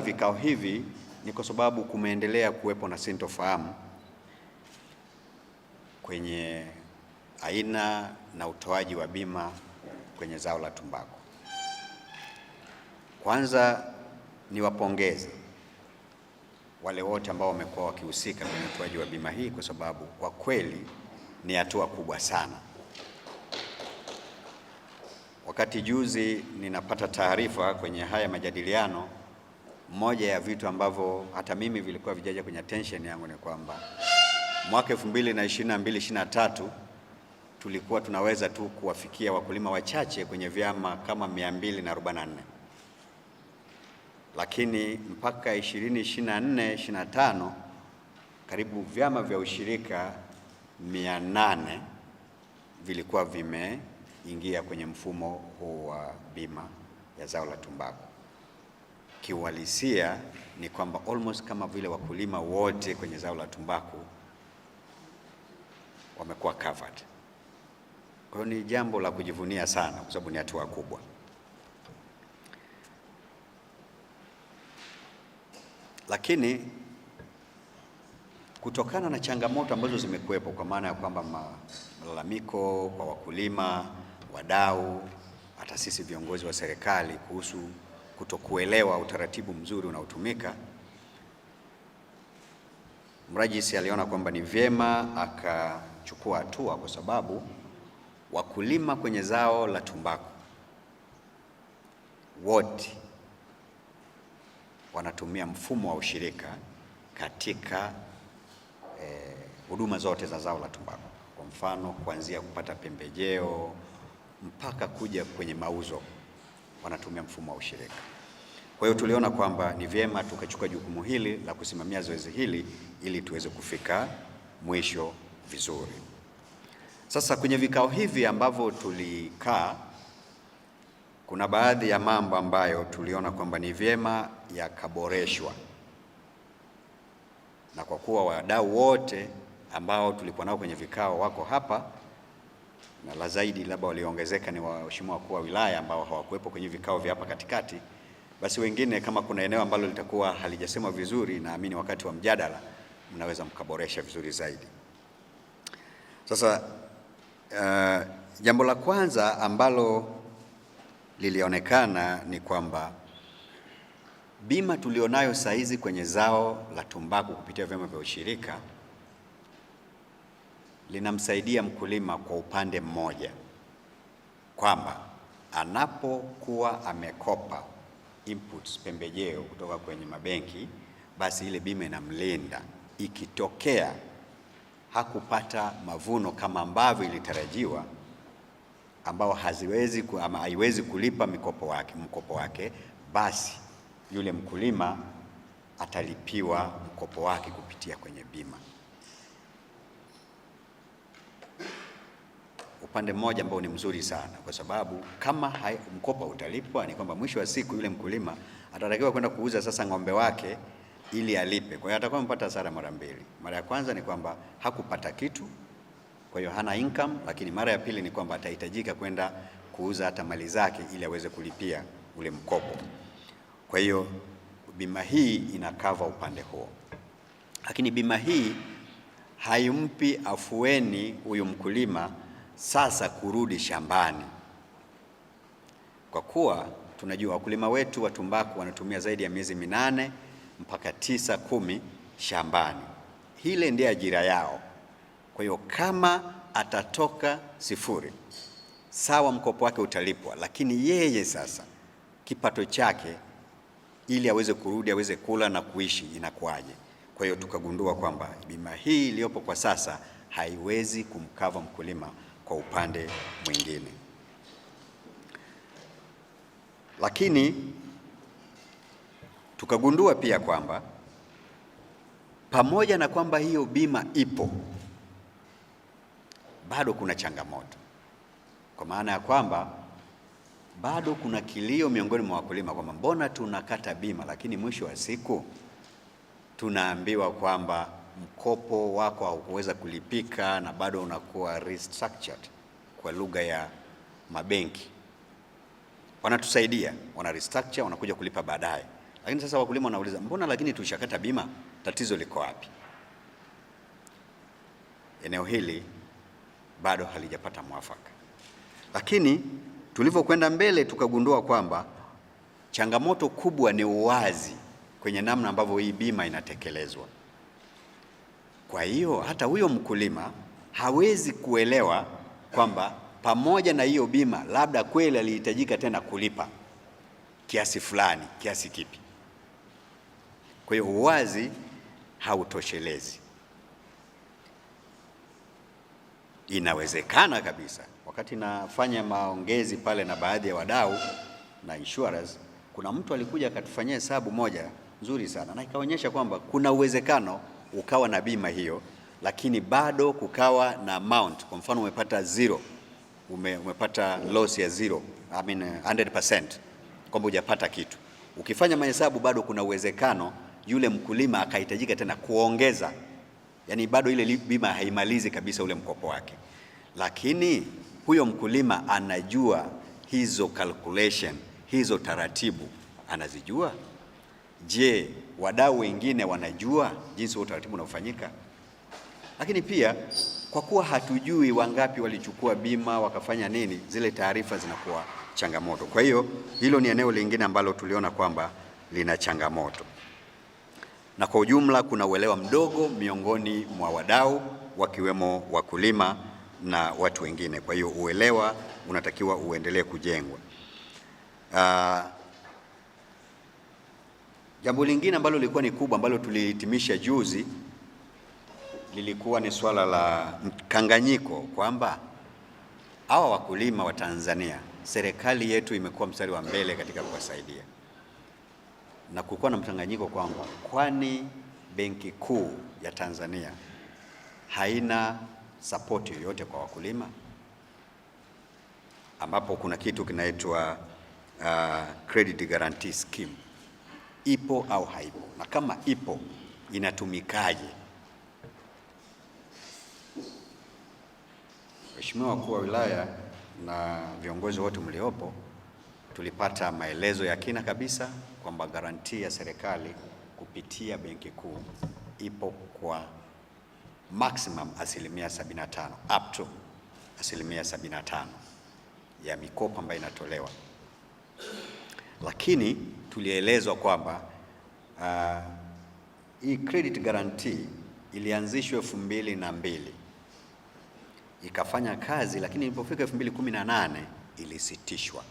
vikao hivi ni kwa sababu kumeendelea kuwepo na sintofahamu kwenye aina na utoaji wa bima kwenye zao la tumbaku. Kwanza niwapongeze wale wote ambao wamekuwa wakihusika kwenye utoaji wa bima hii, kwa sababu kwa kweli ni hatua kubwa sana. Wakati juzi ninapata taarifa kwenye haya majadiliano moja ya vitu ambavyo hata mimi vilikuwa vijaja kwenye attention yangu ni kwamba mwaka 2022 2023 tulikuwa tunaweza tu kuwafikia wakulima wachache kwenye vyama kama 244 lakini mpaka 2024 25 karibu vyama vya ushirika 800 vilikuwa vimeingia kwenye mfumo huu wa bima ya zao la tumbaku kiuhalisia ni kwamba almost kama vile wakulima wote kwenye zao la tumbaku wamekuwa covered. Kwa hiyo ni jambo la kujivunia sana, kwa sababu ni hatua kubwa. Lakini kutokana na changamoto ambazo zimekuwepo, kwa maana ya kwamba malalamiko kwa wakulima, wadau, hata sisi viongozi wa serikali kuhusu kutokuelewa utaratibu mzuri unaotumika, mrajisi aliona kwamba ni vyema akachukua hatua, kwa sababu wakulima kwenye zao la tumbaku wote wanatumia mfumo wa ushirika katika eh, huduma eh, zote za zao la tumbaku, kwa mfano kuanzia kupata pembejeo mpaka kuja kwenye mauzo wanatumia mfumo wa ushirika. Kwa hiyo tuliona kwamba ni vyema tukachukua jukumu hili la kusimamia zoezi hili ili tuweze kufika mwisho vizuri. Sasa kwenye vikao hivi ambavyo tulikaa, kuna baadhi ya mambo ambayo tuliona kwamba ni vyema yakaboreshwa, na kwa kuwa wadau wote ambao tulikuwa nao kwenye vikao wako hapa, na la zaidi labda walioongezeka ni waheshimiwa wakuu wa wilaya ambao hawakuwepo kwenye vikao vya hapa katikati. Basi wengine, kama kuna eneo ambalo litakuwa halijasema vizuri, naamini wakati wa mjadala mnaweza mkaboresha vizuri zaidi. Sasa uh, jambo la kwanza ambalo lilionekana ni kwamba bima tulionayo saa hizi kwenye zao la tumbaku kupitia vyama vya ushirika linamsaidia mkulima kwa upande mmoja kwamba anapokuwa amekopa inputs pembejeo kutoka kwenye mabenki, basi ile bima inamlinda ikitokea hakupata mavuno kama ambavyo ilitarajiwa, ambao haziwezi ama haiwezi kulipa mikopo wake, mkopo wake, basi yule mkulima atalipiwa mkopo wake kupitia kwenye bima. upande mmoja ambao ni mzuri sana, kwa sababu kama hai, mkopo utalipwa ni kwamba mwisho wa siku yule mkulima atatakiwa kwenda kuuza sasa ng'ombe wake ili alipe. Kwa hiyo atakuwa amepata hasara mara mbili. Mara ya kwanza ni kwamba hakupata kitu, kwa hiyo hana income, lakini mara ya pili ni kwamba atahitajika kwenda kuuza hata mali zake ili aweze kulipia ule mkopo. Kwa hiyo bima hii inakava upande huo, lakini bima hii haimpi afueni huyu mkulima sasa kurudi shambani, kwa kuwa tunajua wakulima wetu wa tumbaku wanatumia zaidi ya miezi minane mpaka tisa kumi shambani. Hile ndiye ajira yao. Kwa hiyo kama atatoka sifuri, sawa, mkopo wake utalipwa, lakini yeye sasa kipato chake ili aweze kurudi aweze kula na kuishi inakuwaje? Kwa hiyo tukagundua kwamba bima hii iliyopo kwa sasa haiwezi kumkava mkulima kwa upande mwingine. Lakini tukagundua pia kwamba pamoja na kwamba hiyo bima ipo, bado kuna changamoto, kwa maana ya kwamba bado kuna kilio miongoni mwa wakulima kwamba mbona tunakata bima, lakini mwisho wa siku tunaambiwa kwamba mkopo wako haukuweza kulipika na bado unakuwa restructured kwa lugha ya mabenki. Wanatusaidia, wana restructure, wanakuja kulipa baadaye. Lakini sasa wakulima wanauliza mbona, lakini tushakata bima, tatizo liko wapi? Eneo hili bado halijapata mwafaka, lakini tulivyokwenda mbele tukagundua kwamba changamoto kubwa ni uwazi kwenye namna ambavyo hii bima inatekelezwa. Kwa hiyo hata huyo mkulima hawezi kuelewa kwamba pamoja na hiyo bima labda kweli alihitajika tena kulipa kiasi fulani, kiasi kipi. Kwa hiyo uwazi hautoshelezi. Inawezekana kabisa, wakati nafanya maongezi pale na baadhi ya wadau na insurers, kuna mtu alikuja akatufanyia hesabu moja nzuri sana na ikaonyesha kwamba kuna uwezekano ukawa na bima hiyo, lakini bado kukawa na amount. Kwa mfano umepata zero, ume, umepata loss ya zero, I mean 100% eh, kwamba hujapata kitu. Ukifanya mahesabu bado kuna uwezekano yule mkulima akahitajika tena kuongeza, yani bado ile bima haimalizi kabisa ule mkopo wake, lakini huyo mkulima anajua hizo calculation, hizo taratibu anazijua. Je, wadau wengine wanajua jinsi wa utaratibu unaofanyika? Lakini pia kwa kuwa hatujui wangapi walichukua bima wakafanya nini, zile taarifa zinakuwa changamoto. Kwa hiyo hilo ni eneo lingine ambalo tuliona kwamba lina changamoto, na kwa ujumla kuna uelewa mdogo miongoni mwa wadau wakiwemo wakulima na watu wengine. Kwa hiyo uelewa unatakiwa uendelee kujengwa. Aa, ah, Jambo lingine ambalo lilikuwa ni kubwa ambalo tulihitimisha juzi lilikuwa ni swala la mkanganyiko kwamba hawa wakulima wa Tanzania, serikali yetu imekuwa mstari wa mbele katika kuwasaidia, na kulikuwa na mkanganyiko kwamba kwani Benki Kuu ya Tanzania haina sapoti yoyote kwa wakulima, ambapo kuna kitu kinaitwa uh, credit guarantee scheme ipo au haipo, na kama ipo inatumikaje? Mheshimiwa wakuu wa wilaya na viongozi wote mliopo, tulipata maelezo ya kina kabisa kwamba garanti ya serikali kupitia Benki Kuu ipo kwa maximum asilimia 75 up to asilimia 75 ya mikopo ambayo inatolewa, lakini tulielezwa kwamba uh, hii credit guarantee ilianzishwa elfu mbili na mbili ikafanya kazi, lakini ilipofika elfu mbili kumi na nane ilisitishwa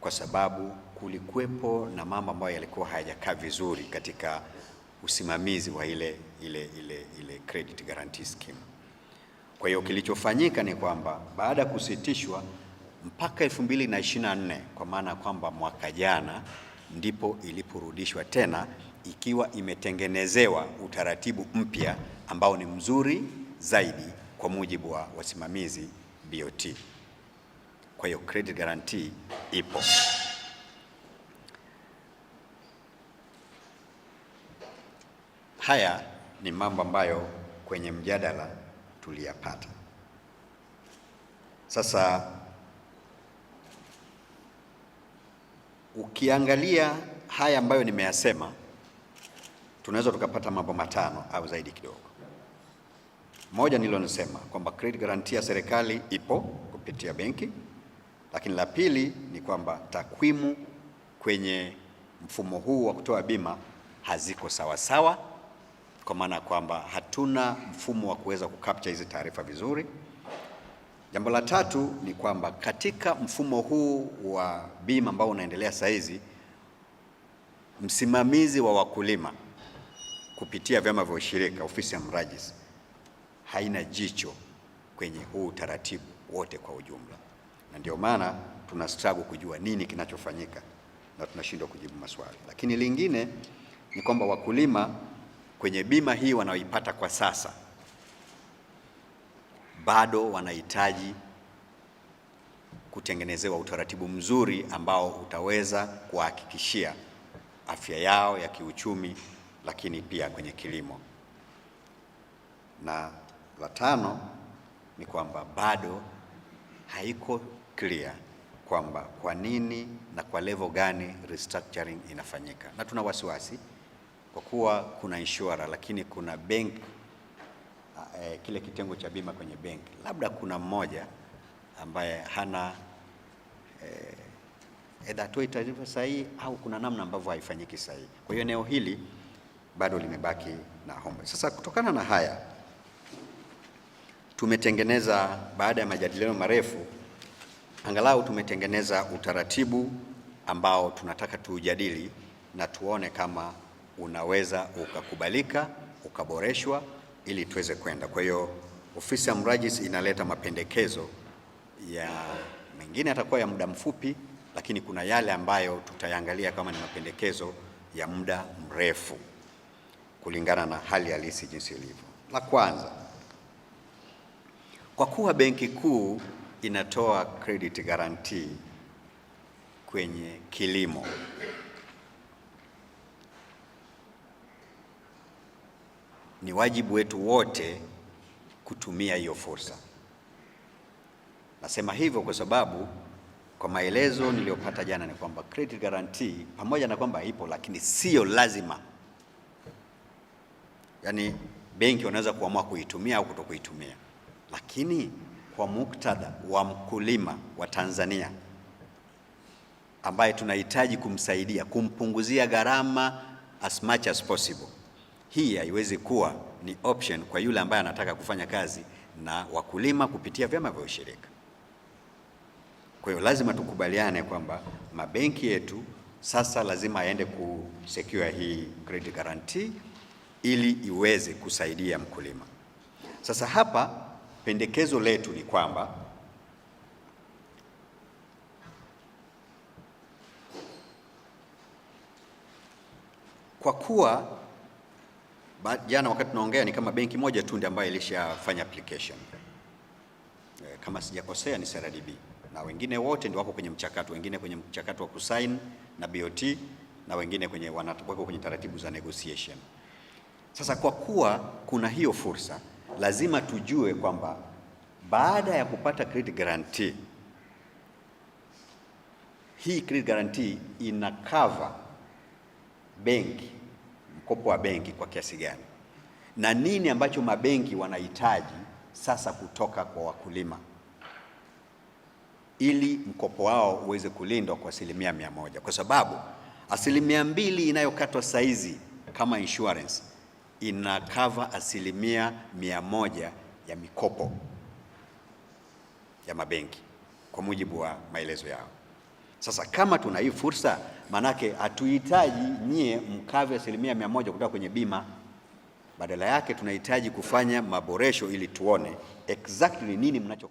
kwa sababu kulikuwepo na mambo ambayo yalikuwa hayajakaa vizuri katika usimamizi wa ile, ile, ile, ile credit guarantee scheme. Kwa hiyo kilichofanyika ni kwamba baada ya kusitishwa mpaka 2024 kwa maana ya kwamba mwaka jana ndipo iliporudishwa tena ikiwa imetengenezewa utaratibu mpya ambao ni mzuri zaidi kwa mujibu wa wasimamizi BOT. Kwa hiyo credit guarantee ipo. Haya ni mambo ambayo kwenye mjadala tuliyapata. Sasa Ukiangalia haya ambayo nimeyasema, tunaweza tukapata mambo matano au zaidi kidogo. Moja nililosema kwamba credit guarantee ya serikali ipo kupitia benki, lakini la pili ni kwamba takwimu kwenye mfumo huu wa kutoa bima haziko sawa sawa, kwa maana ya kwamba hatuna mfumo wa kuweza kukapcha hizi taarifa vizuri. Jambo la tatu ni kwamba katika mfumo huu wa bima ambao unaendelea sasa hizi, msimamizi wa wakulima kupitia vyama vya ushirika, ofisi ya mrajisi haina jicho kwenye huu utaratibu wote kwa ujumla, na ndio maana tuna struggle kujua nini kinachofanyika na tunashindwa kujibu maswali. Lakini lingine ni kwamba wakulima kwenye bima hii wanaoipata kwa sasa bado wanahitaji kutengenezewa utaratibu mzuri ambao utaweza kuwahakikishia afya yao ya kiuchumi, lakini pia kwenye kilimo. Na la tano ni kwamba bado haiko clear kwamba kwa nini na kwa level gani restructuring inafanyika, na tuna wasiwasi kwa kuwa kuna insurer, lakini kuna benki eh, kile kitengo cha bima kwenye benki, labda kuna mmoja ambaye hana eh, edha atoi taarifa sahihi au kuna namna ambavyo haifanyiki sahihi. Kwa hiyo eneo hili bado limebaki na homework. Sasa kutokana na haya tumetengeneza baada ya majadiliano marefu, angalau tumetengeneza utaratibu ambao tunataka tuujadili na tuone kama unaweza ukakubalika, ukaboreshwa ili tuweze kwenda. Kwa hiyo ofisi ya mrajis inaleta mapendekezo ya mengine atakuwa ya muda mfupi, lakini kuna yale ambayo tutayangalia kama ni mapendekezo ya muda mrefu kulingana na hali halisi jinsi ilivyo. La kwanza, kwa kuwa Benki Kuu inatoa credit guarantee kwenye kilimo ni wajibu wetu wote kutumia hiyo fursa. Nasema hivyo kwa sababu kwa maelezo niliyopata jana ni kwamba credit guarantee pamoja na kwamba ipo, lakini sio lazima. Yaani benki wanaweza kuamua kuitumia au kutokuitumia, lakini kwa muktadha wa mkulima wa Tanzania ambaye tunahitaji kumsaidia kumpunguzia gharama as much as possible hii haiwezi kuwa ni option kwa yule ambaye anataka kufanya kazi na wakulima kupitia vyama vya ushirika. Kwa hiyo lazima tukubaliane kwamba mabenki yetu sasa lazima ku secure hii credit guarantee ili iweze kusaidia mkulima. Sasa hapa pendekezo letu ni kwamba kwa kuwa jana wakati tunaongea ni kama benki moja tu ndio ambayo ilishafanya application e, kama sijakosea ni CRDB na wengine wote ndio wako kwenye mchakato, wengine kwenye mchakato wa kusain na BOT na wengine kwenye wako kwenye taratibu za negotiation. Sasa kwa kuwa kuna hiyo fursa, lazima tujue kwamba baada ya kupata credit guarantee, hii credit guarantee ina cover benki mkopo wa benki kwa kiasi gani na nini ambacho mabenki wanahitaji sasa kutoka kwa wakulima ili mkopo wao uweze kulindwa kwa asilimia mia moja kwa sababu asilimia mbili inayokatwa saizi kama insurance ina cover asilimia mia moja ya mikopo ya mabenki kwa mujibu wa maelezo yao. Sasa kama tuna hii fursa, manake hatuhitaji nyie mkave asilimia mia moja kutoka kwenye bima. Badala yake tunahitaji kufanya maboresho ili tuone exactly nini mnacho